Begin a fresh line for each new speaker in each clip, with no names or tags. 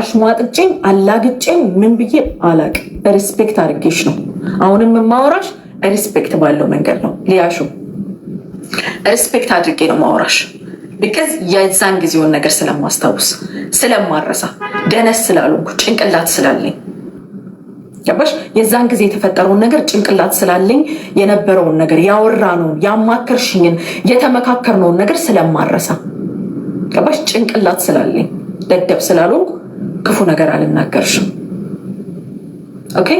አሽሟጥጭኝ አላግጭኝ ምን ብዬ አላቅ። ሪስፔክት አድርጌሽ ነው አሁንም የማወራሽ ሪስፔክት ባለው መንገድ ነው። ሊያሹ ሪስፔክት አድርጌ ነው ማወራሽ ቢቀዝ የዛን ጊዜውን ነገር ስለማስታውስ ስለማረሳ ደነስ ስላልኩ ጭንቅላት ስላለኝ ገባሽ? የዛን ጊዜ የተፈጠረውን ነገር ጭንቅላት ስላለኝ የነበረውን ነገር ያወራነውን፣ ያማከርሽኝን፣ የተመካከርነውን ነገር ስለማረሳ ገባሽ? ጭንቅላት ስላለኝ ደደብ ስላልሆንኩ ክፉ ነገር አልናገርሽም። ኦኬ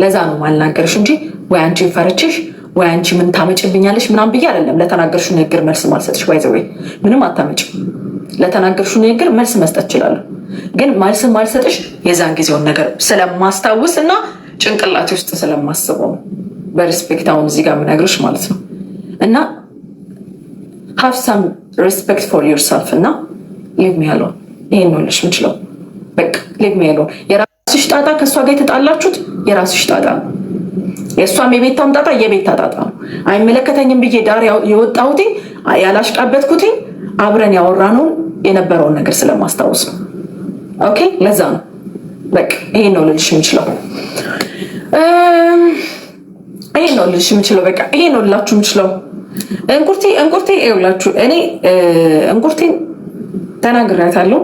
ለዛ ነው አልናገርሽ እንጂ ወይ አንቺ ፈርችሽ ወይ አንቺ ምን ታመጭብኛለሽ ምናምን ብዬ አይደለም። ለተናገርሹ ንግግር መልስ ማልሰጥሽ ወይ ዘወይ ምንም አታመጭም። ለተናገርሹ ንግግር መልስ መስጠት እችላለሁ፣ ግን መልስ ማልሰጥሽ የዛን ጊዜውን ነገር ስለማስታውስ እና ጭንቅላቴ ውስጥ ስለማስበው በሪስፔክት አሁን እዚህ ጋር የምነግርሽ ማለት ነው እና ሃቭ ሰም ሪስፔክት ፎር ዮርሰልፍ እና ሊቭ ሚ አሎን። ይህን ነው ልሽ ምችለው በቃ ሌግሚ ያለው የራስሽ ጣጣ። ከእሷ ጋር የተጣላችሁት የራስሽ ጣጣ፣ የእሷም የቤታም ጣጣ የቤታ ጣጣ ነው። አይመለከተኝም ብዬ ዳር የወጣሁት አብረን ያወራነውን የነበረውን ነገር ስለማስታወስ ነው። ኦኬ ለዛ ነው በቃ ይሄን ነው ልልሽ የምችለው። ይሄን ነው ልልሽ የምችለው። በቃ ይሄን ነው ልላችሁ የምችለው። እንቁርቲ እንቁርቲ ይኸውላችሁ እኔ እንቁርቲን ተናግሬያታለሁ።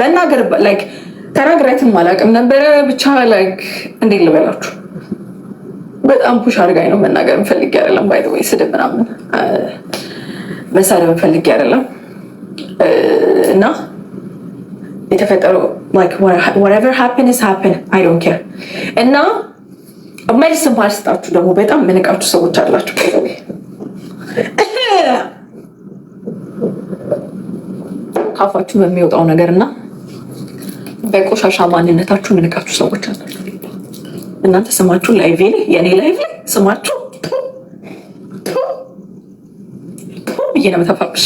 መናገር ተናግሬያትም አላውቅም ነበረ። ብቻ እንዴት ልበላችሁ በጣም ፑሽ አድርጋኝ ነው መናገር እንፈልግ አይደለም። ባይ ወይ ስድብ ምናምን መሳደብ እንፈልግ አይደለም እና የተፈጠረው ወቨር ሀፕን ሀፕን አይ ዶንት ኬር እና መልስ እንኳን ስጣችሁ ደግሞ በጣም ምንቃችሁ ሰዎች አላችሁ ከአፋችሁ በሚወጣው ነገር እና በቆሻሻ ማንነታችሁ ምንቃችሁ ሰዎች አሉ። እናንተ ስማችሁ ላይቭ ላይ የእኔ ላይቭ ላይ ስማችሁ ብዬ ነው ተፋብሽ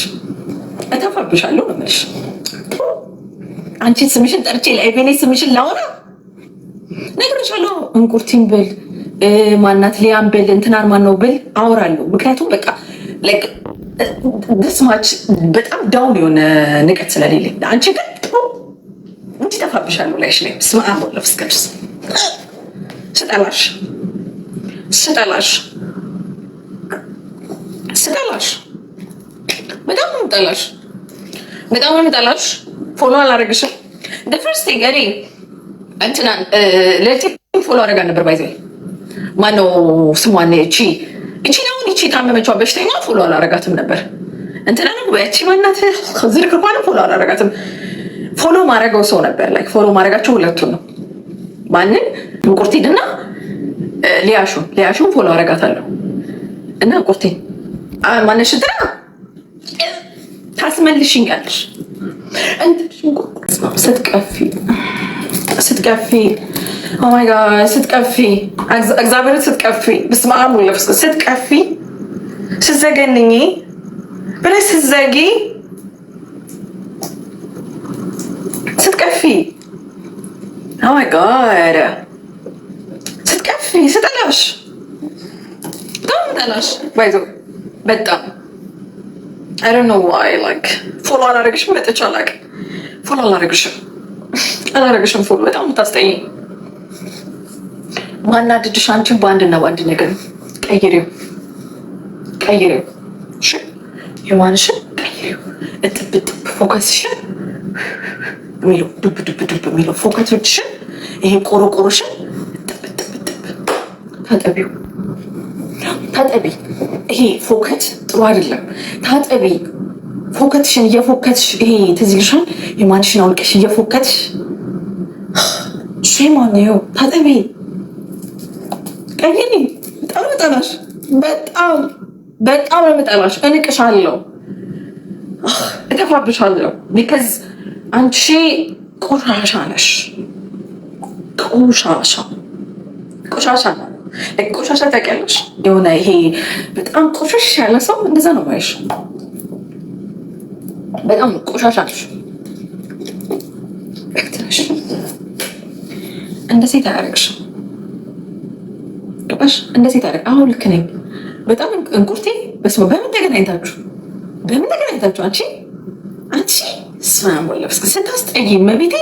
እተፋብሻለሁ ነው የምልሽ። አንቺን ስምሽን ጠርቼ ላይቭ ላይ ስምሽን ላወራ ነግሬሻለሁ። እንቁርቲን ብል ማናት ሊያን ብል እንትናን ማን ብል አውራለሁ። ምክንያቱም በቃ ደስማች በጣም ዳውን የሆነ ንቀት ስለሌለኝ አንቺ ግን እንዲጠፋብሻ ነው ላይሽ ላይ ስማ ለፍስቀድስ ስጠላሽ ስጠላሽ ስጠላሽ በጣም ነው በጣም ነው የምጠላሽ። ፎሎ አላረግሽም። ደፍርስቴ እኔ እንትናን uh, ለቴ ፎሎ አረጋ ነበር ባይዘ ማነው ስሟን እቺ እቺን አሁን እቺ የታመመችዋ በሽተኛ ፎሎ አላረጋትም ነበር። እንትናን ነው ያቺ ማናት ዝርክ እንኳን ፎሎ አላረጋትም። ፎሎ ማድረገው ሰው ነበር ላይ ፎሎ ማድረጋቸው ሁለቱ ነው። ማንን ቁርቲንና ሊያሹን ሊያሹን ፎሎ አረጋታለሁ እና ቁርቲን ማነሽ እንትና ታስመልሽኛለሽ ስትቀፊ ስትቀፊ ኦማይ ጋድ ስትቀፊ እግዚአብሔር ስትቀፊ በስመ አብ ወወልድ ወመንፈስ ቅዱስ ስትቀፊ ስትዘገንኝ ብለሽ ስትዘጊ ስትቀፊ ኦማይ ጋድ ስትቀፊ ስጠላሽ በጣም ጠላሽ ባይዞ በጣም አይ ዶንት ኖ ዋይ ላይክ ፎሎ አላደረግሽም መጥቼ አላውቅም ፎሎ አላደረግሽም አላረግሽም። ፎሎ በጣም ታስጠኝ ማናድድሽ አንቺን በአንድና በአንድ ነገር ቀይሬው ቀይሬው የማንሽን ቀይሬው እጥብጥብ ፎከስሽን የሚለው ዱብ ዱብ ዱብ የሚለው ፎከቶችሽን ይሄ ቆሮቆሮሽን እጥብጥብጥብ ታጠቢው ታጠቢ። ይሄ ፎከት ጥሩ አይደለም። ታጠቢ ፎከትሽን እየፎከትሽ ይሄ ትዝ ይልሻል። የማንሽን አውልቀሽ እየፎከትሽ ሼም ኦን ዩ ታጠቢ፣ ቀይሪ። በጣም ጠላሽ፣ በጣም በጣም ነው የምጠላሽ። እንቅሻለሁ፣ እጠፋብሻለሁ። ቢካዝ አንቺ ቆሻሻ ነሽ። ቆሻሻ ቆሻሻ ቆሻሻ ታውቂያለሽ? የሆነ ይሄ በጣም ቆሻሻ ያለ ሰው እንደዛ ነው ማይሽ። በጣም ቆሻሻ ነሽ። እንደ ሴት አያደርግሽም። ገባሽ? እንደ ሴት አሁን ልክ ነኝ። በጣም እንቁርቴ በስመ በምን ተገናኝታችሁ በምን ተገናኝታችሁ አንቺ አንቺ ስማሞለብስ ስታስጠይ መቤቴ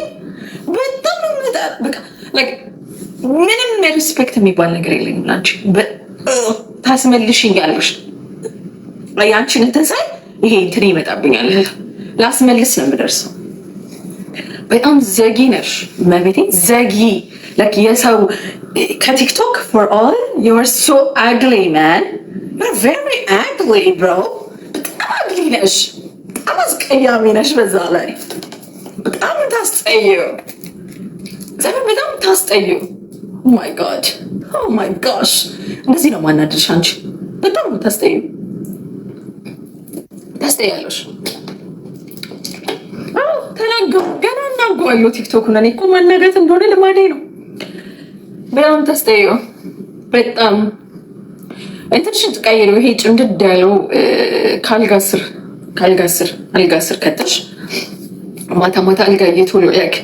በጣም ምንም ሪስፔክት የሚባል ነገር የለኝም ለአንቺ። ታስመልሽኛለሽ። የአንቺን እንትን ሳይ ይሄ እንትን ይመጣብኛል። ላስመልስ ነው የምደርሰው። በጣም ዘጊ ነሽ መቤቴ ዘጊ የሰው ከቲክቶክ ፎር ኦል ዩ አር ሶ አግሊ ማን ዩ አር ቬሪ አግሊ ብሮ። በጣም አግሊ ነሽ፣ በጣም አስቀያሚ ነሽ። በዛ ላይ በጣም ታስጠዩ፣ እግዚአብሔር በጣም ታስጠዩ። ማይ ጋድ ማይ ጋሽ፣ እንደዚህ ነው ማናደድሽ አንቺ። በጣም ታስጠዩ፣ ታስጠያለሽ ተናገሩ ገና እናጓዋለሁ ቲክቶክ ነን እኮ ማናገት እንደሆነ ልማዴ ነው። በጣም ተስተዩ በጣም እንትንሽን ትቀይሩ። ይሄ ጭምድድ ያለው ከአልጋ ስር ከአልጋ ስር አልጋ ስር ከተሽ ማታ ማታ አልጋ ያክ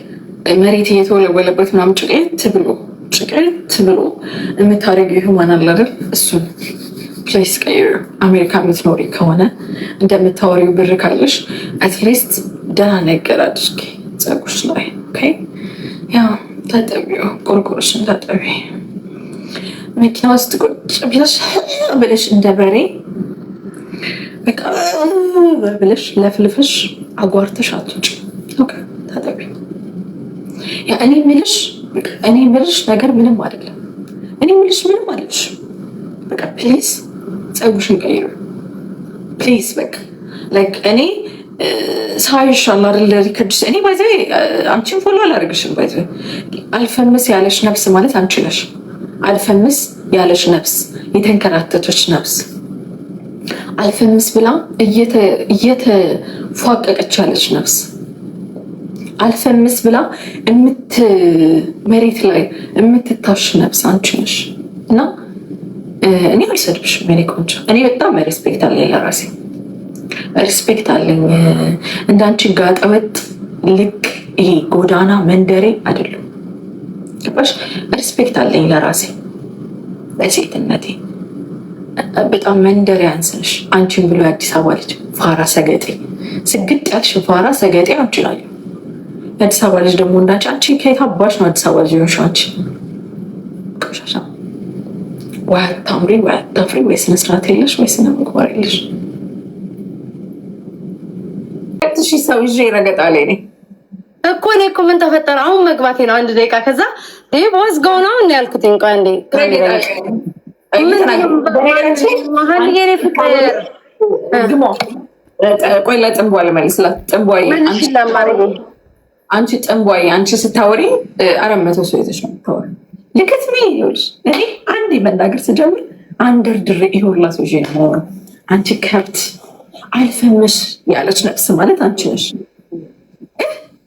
መሬት እየተወለወለበት ምናምን ጭቅልት ብሎ ጭቅልት ብሎ የምታደርጊው ይሁማን አለ አይደል? እሱን ፕሌስ ቀይሩ። አሜሪካ የምትኖሪ ከሆነ እንደምታወሪው ብር ካለሽ አትሊስት ደህና ነገር አድርጊ ፀጉርሽ ላይ ያው ታጠቢው ቆርቆሮሽን ታጠቢ። መኪና ውስጥ ቁጭ ብለሽ ብለሽ እንደ በሬ በቃ ብለሽ ለፍልፈሽ አጓርተሽ አትውጭ። ታጠቢ። እኔ የምልሽ እኔ የምልሽ ነገር ምንም አይደለም። እኔ የምልሽ ምንም አይደለሽ። በቃ ፕሊዝ፣ ፀጉሽን ቀይሩ ፕሊዝ። በቃ ላይክ እኔ ሳይሻል አይደል ሪከርድሽ እኔ ባይዘ አንቺን ፎሎ አላደርግሽም። ባይዘ አልፈምስ ያለሽ ነፍስ ማለት አንቺ ነሽ። አልፈምስ ያለሽ ነፍስ፣ የተንከራተቶች ነፍስ አልፈምስ ብላ እየተፏቀቀች ያለች ነፍስ አልፈምስ ብላ እምት መሬት ላይ የምትታሽ ነፍስ አንቺ ነሽ እና እኔ አልሰድብሽም። እኔ ቆንጆ እኔ በጣም ሬስፔክት አለኝ ለራሴ ሪስፔክት አለኝ። እንዳንቺ ጋጠወጥ ልክ ይሄ ጎዳና መንደሬ አይደለም። ገባሽ? ሪስፔክት አለኝ ለራሴ በሴትነቴ። በጣም መንደሬ ያንስንሽ አንቺን ብሎ የአዲስ አበባ ልጅ ፋራ ሰገጤ ስግጥ ያልሽ ፋራ ሰገጤ አንቺ ላይ የአዲስ አበባ ልጅ ደግሞ እንዳንቺ አንቺ ከየት አባሽ ነው አዲስ አበባ ልጅ ሆንሽ? አንቺ ቆሻሻ ወይ አታምሪ ወይ አታፍሪ ወይ ስነስርዓት የለሽ ወይ ስነ ምግባር የለሽ። ሺህ ሰው ይዤ ረገጣ ላይ ነኝ እኮ እኔ እኮ ምን ተፈጠረ አሁን መግባቴ ነው አንድ ደቂቃ ከዛ ቦስ ገውና ምን ያልኩት እንቋ እንዴ ሀልየኔ ፍቅር ቆይ ለጥንቧ ልመልስላት ጥንቧ አንቺ ጥንቧይ አንቺ ስታወሪ አራት መቶ ሰው ይዘሽ ነው የምታወሪ ልክት ሚ ይኸውልሽ እኔ አንዴ መናገር ስጀምር አንደር ድሬ ይሁላ ሰው ነው አንቺ ከብት አልፈምሽ ያለች ነፍስ ማለት አንቺ ነሽ።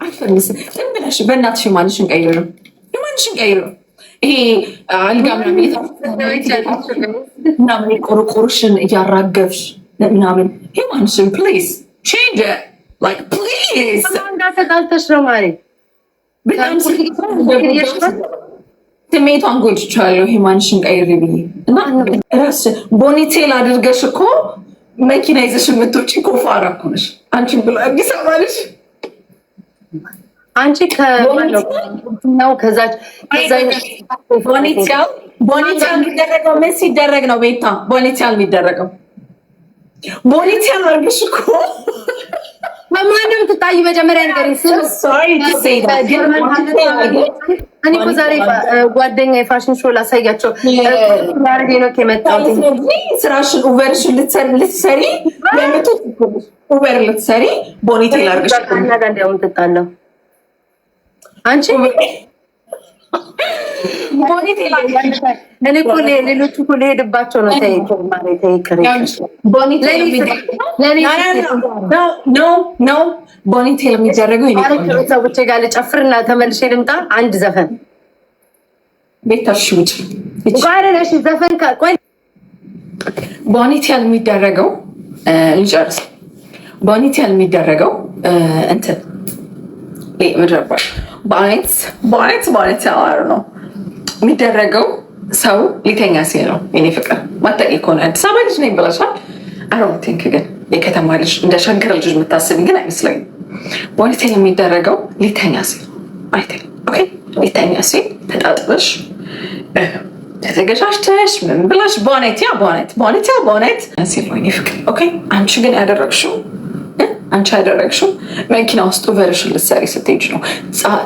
አልፈምስ ብለሽ በእናትሽ ማንሽን ቀይረው፣ ማንሽን ቀይረው። ይሄ አልጋ ምናምን ቆርቆርሽን እያራገብሽ ምናምን ማንሽን ፕሊዝ ቼንጅ ፕሊዝ እንዳሰጣልተሽ ነው ማለት ስሜቷን ጎድቻለሁ። ሂማንሽን ቀይሪ ብዬ እና ራስሽን ቦኒቴል አድርገሽ እኮ መኪና ይዘሽ የምትወጪ ኮፋራ እኮ ነሽ። አንቺን ብሎ አዲስ አበባ ነሽ አንቺ ከማነው ከዛች ቦኔቲያ የሚደረገው ምን ሲደረግ ነው? ቤታ ቦኔቲያ የሚደረገው ቦኔቲያ አርግሽ እኮ በማንም ትታይ መጀመሪያ ነገር እኔ እኮ ዛሬ ጓደኛ የፋሽን ሾ ላሳያቸው ያርጌ ነው የመጣሁት። ስራሽን ኡበርሽን ልትሰሪ ለምቱ ልትሰሪ ቦኒቴ ላርግሽ ትጣለው አንቺ እኔ እኮ ሌሎቹ እኮ ልሄድባቸው ነው። ተይ ቦኒቴል የሚደረገው ሰዎች ጋር ልጨፍርና ተመልሼ ልምጣ። አንድ ዘፈን ቤታሽ ውጭ ጓረነሽ ዘፈን ቆይ ቦኒቴል የሚደረገው ልጨርስ። ቦኒቴል የሚደረገው እንትን ምድረባል በአይነት በአይነት በአይነት ተዋር ነው የሚደረገው። ሰው ሊተኛ ሲል ነው የኔ ፍቅር ማጠቅ ከሆነ አዲስ አበባ ልጅ ነኝ ብለሻል። አሮቲንክ ግን የከተማ ልጅ እንደ ሸንገር ልጅ የምታስብኝ ግን አይመስለኝ። በሁለተኛ የሚደረገው ሊተኛ ሲል ሊተኛ ሲል ተጣጥበሽ ተዘገሻሽተሽ ምን ብለሽ ቦኔት ያ ቦኔት ቦኔት ያ ቦኔት ሲል ነው ፍቅር። አንቺ ግን ያደረግሽው አንቺ ያደረግሽው መኪና ውስጥ ቨርሽን ልትሰሪ ስትሄጂ ነው።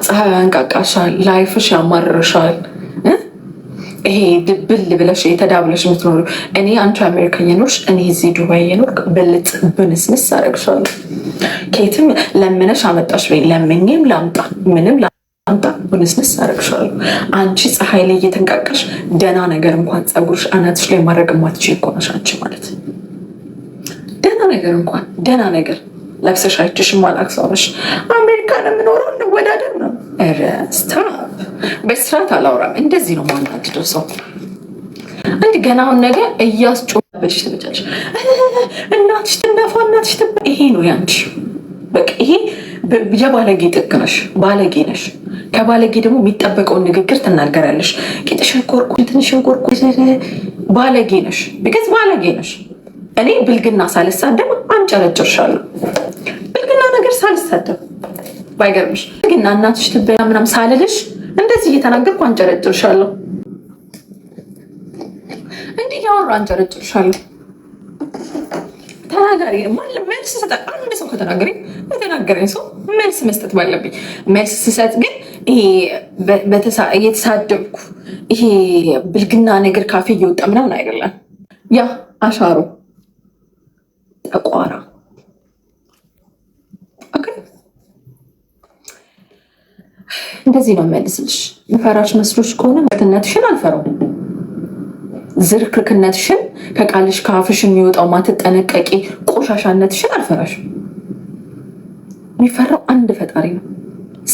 ፀሐይ ያንቃቃሻል፣ ላይፍሽ ያማርርሻል። ይሄ ድብል ብለሽ የተዳብለሽ የምትኖሪ እኔ አንቺ አሜሪካ የኖርሽ እኔ እዚህ ዱባይ የኖር ብልጥ ብንስንስ አደረግሻለሁ። ከየትም ለምነሽ አመጣሽ ወይ ለምኝም ላምጣ ምንም ላምጣ ብንስንስ አደረግሻለሁ። አንቺ ፀሐይ ላይ እየተንቃቀሽ ደና ነገር እንኳን ፀጉርሽ አናትሽ ላይ ማድረግ ማትች እኮ ማለት ደና ነገር እንኳን ደና ነገር ለብሰሽ አይችሽም አላክሰውነሽ አሜሪካ ነው የምኖረው እንወዳደር ነው። ኧረ ስታፕ በስርዓት አላውራም። እንደዚህ ነው ማናድደው ሰው አንድ ገና አሁን ነገር እያስጮበሽ ትመጫለሽ። እናትሽ ትነፋ እናትሽ ትበ ይሄ ነው ያንቺ በቃ ይሄ የባለጌ ጥቅ ነሽ። ባለጌ ነሽ። ከባለጌ ደግሞ የሚጠበቀውን ንግግር ትናገራለሽ። ቂጥሽን ቆርቁ፣ ትንሽን ቆርቁ። ባለጌ ነሽ፣ ቢገዝ ባለጌ ነሽ። እኔ ብልግና ደግሞ አንጨረጭርሻለሁ። ነገር ሳልሳደብ ባይገርምሽ ግና እናትሽ ትበያ ምናም ሳልልሽ እንደዚህ እየተናገርኩ አንጨረጭርሻለሁ። እንዲህ እያወሩ አንጨረጭርሻለሁ። ተናጋሪ መልስ ሰጠ። አንድ ሰው ከተናገሪ የተናገረኝ ሰው መልስ መስጠት ባለብኝ መልስ ስሰጥ ግን እየተሳደብኩ ይሄ ብልግና ነገር ካፌ እየወጣ ምናምን አይደለም። ያ አሻሮ ጠቋራ እንደዚህ ነው የሚያልስልሽ። የፈራሽ መስሎች ከሆነ ማትነትሽን አልፈራው ዝርክርክነትሽን ከቃልሽ ከአፍሽ የሚወጣው ማትጠነቀቂ ቆሻሻነትሽን አልፈራሽ። የሚፈራው አንድ ፈጣሪ ነው።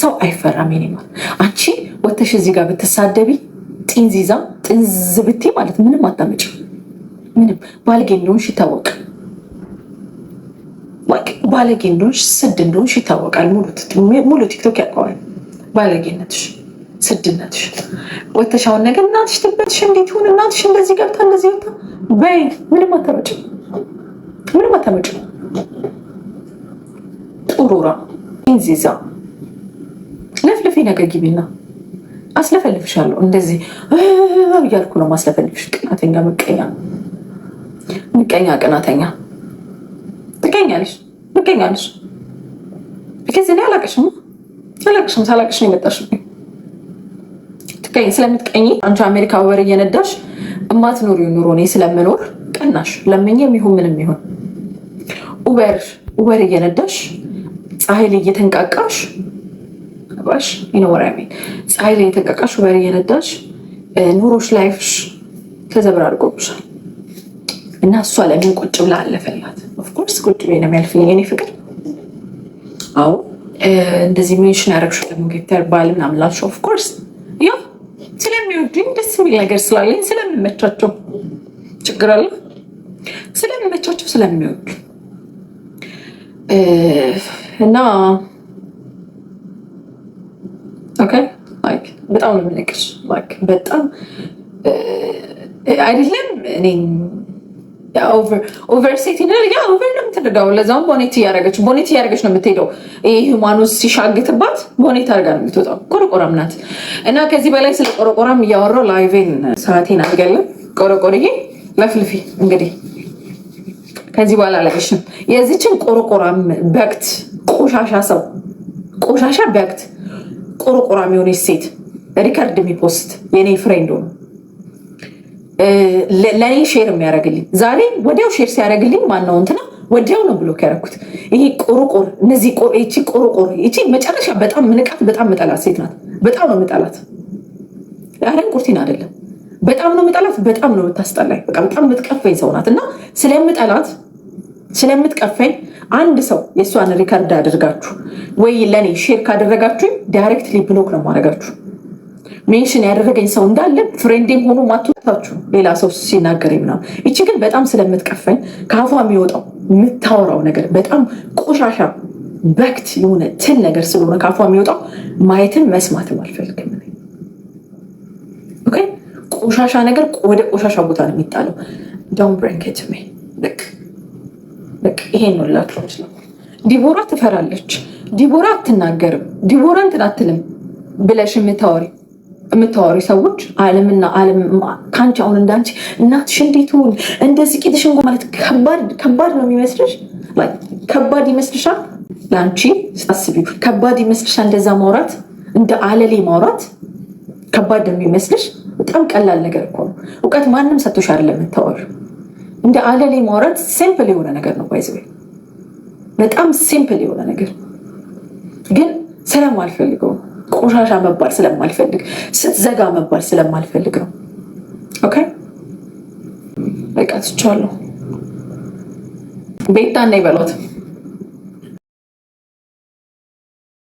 ሰው አይፈራም። ይኔማል አንቺ ወተሽ እዚህ ጋር ብትሳደቢ ጢንዚዛ ጥንዝ ብቲ ማለት ምንም አታመጭ። ምንም ባልጌ እንደሆንሽ ይታወቅ ባለጌ እንደሆንሽ ስድ እንደሆንሽ ይታወቃል። ሙሉ ቲክቶክ ያውቀዋል። ባለጌነትሽ፣ ስድነትሽ ወተሻውን ነገር እናትሽ ትበትሽ እንዴት ሁን እናትሽ እንደዚህ ገብታ እንደዚህ ወታ በይ ምንም አታመጭ፣ ምንም አታመጭ። ጥሩራ እንዚዛ ለፍልፌ ነገር ግቢና አስለፈልፍሻለሁ። እንደዚህ እያልኩ ነው ማስለፈልፍሽ። ቅናተኛ፣ ምቀኛ፣ ምቀኛ፣ ቅናተኛ ትገኛለሽ፣ ምቀኛለሽ ከዚህ ላይ አላቀሽም አላቅሽም። ሳላቅሽ ነው የመጣሽብኝ። ትቀኝ ስለምትቀኝ አንቺ አሜሪካ ወር እየነዳሽ እማትኖሪው ኑሮ እኔ ስለምኖር ቀናሽ ለምኝም የሚሆን ምንም ይሆን ኡበር ኡበር እየነዳሽ ፀሐይ ላይ እየተንቃቃሽ ባሽ ይኖራሚ ፀሐይ ላይ እየተንቃቃሽ ኡበር እየነዳሽ ኑሮሽ ላይፍሽ አድርጎብሻል። እና እሷ ለምን ቁጭ ብላ አለፈላት? ኦፍኮርስ ቁጭ ብዬ ነው የሚያልፍልኝ እኔ ፍቅር አዎ እንደዚህ ሜንሽን ያደረግሽው ደግሞ ጌተር ባል ምናምን ላልሽው ኦፍኮርስ ያ ስለሚወዱኝ ደስ የሚል ነገር ስላለኝ ስለምመቻቸው ችግር አለ ስለምመቻቸው ስለሚወዱ እና በጣም ነው የምነግርሽ በጣም አይደለም እኔ ኦቨርሴት ይላል። ያ ኦቨር ነው የምትደርገው። ለዛውም ቦኔት እያደረገች ቦኔት እያደረገች ነው የምትሄደው። ሲሻግትባት ቦኔት አድርጋ ነው የምትወጣው። ናት እና ከዚህ በላይ ስለ ቆረቆራም እያወራው ላይቬን ሰዓቴን አልገለም። ቆረቆርዬ ለፍልፊ እንግዲህ ከዚህ በኋላ የዚችን ቆረቆራም በግት ቆሻሻ ሰው ቆሻሻ በግት ቆረቆራም የሆነች ሴት ሪከርድ የሚፖስት የእኔ ፍሬንድ ሆነ ለእኔ ሼር የሚያደርግልኝ ዛሬ ወዲያው ሼር ሲያደርግልኝ ማነው እንትና ወዲያው ነው ብሎክ ያደረኩት። ይሄ ቁርቁር እነዚህ ይቺ ቁርቁር ይቺ መጨረሻ በጣም ምንቃት በጣም ምጠላት ሴት ናት። በጣም ነው ምጠላት። አረን ቁርቲን አይደለም በጣም ነው ምጠላት። በጣም ነው የምታስጠላኝ። በቃ በጣም ምትቀፈኝ ሰው ናት እና ስለምጠላት ስለምትቀፈኝ አንድ ሰው የእሷን ሪከርድ አድርጋችሁ ወይ ለእኔ ሼር ካደረጋችሁኝ ዳይሬክትሊ ብሎክ ነው ማድረጋችሁ። ሜንሽን ያደረገኝ ሰው እንዳለ ፍሬንዴም ሆኖ ማትወታችሁ ሌላ ሰው ሲናገር ምናምን። ይቺ ግን በጣም ስለምትቀፈኝ ከአፏ የሚወጣው የምታወራው ነገር በጣም ቆሻሻ በክት የሆነ ትል ነገር ስለሆነ ከአፏ የሚወጣው ማየትን መስማትም አልፈልግም። ቆሻሻ ነገር ወደ ቆሻሻ ቦታ ነው የሚጣለው። ዶን ብረንኬት ሜ ይሄን ነው ላቸው ዲቦራ ትፈራለች፣ ዲቦራ አትናገርም፣ ዲቦራ እንትን አትልም ብለሽ የምታወሪ የምታወሪ ሰዎች አለምና አለም ከአንቺ አሁን እንዳንቺ እናትሽ እንዴት ሆን እንደዚህ ቂጥሽ እንጎ ማለት ከባድ ነው የሚመስልሽ? ከባድ ይመስልሻል? ለአንቺ ስታስቢው ከባድ ይመስልሻል? እንደዛ ማውራት እንደ አለሌ ማውራት ከባድ ነው የሚመስልሽ? በጣም ቀላል ነገር እኮ ነው። እውቀት ማንም ሰቶሽ አለ የምታወሪው። እንደ አለሌ ማውራት ሲምፕል የሆነ ነገር ነው። ይዘ በጣም ሲምፕል የሆነ ነገር ግን ሰላም አልፈልገውም ቆሻሻ መባል ስለማልፈልግ፣ ስትዘጋ መባል ስለማልፈልግ ነው። ኦኬ በቃ ትቻለሁ። ቤታ እና ይበሏት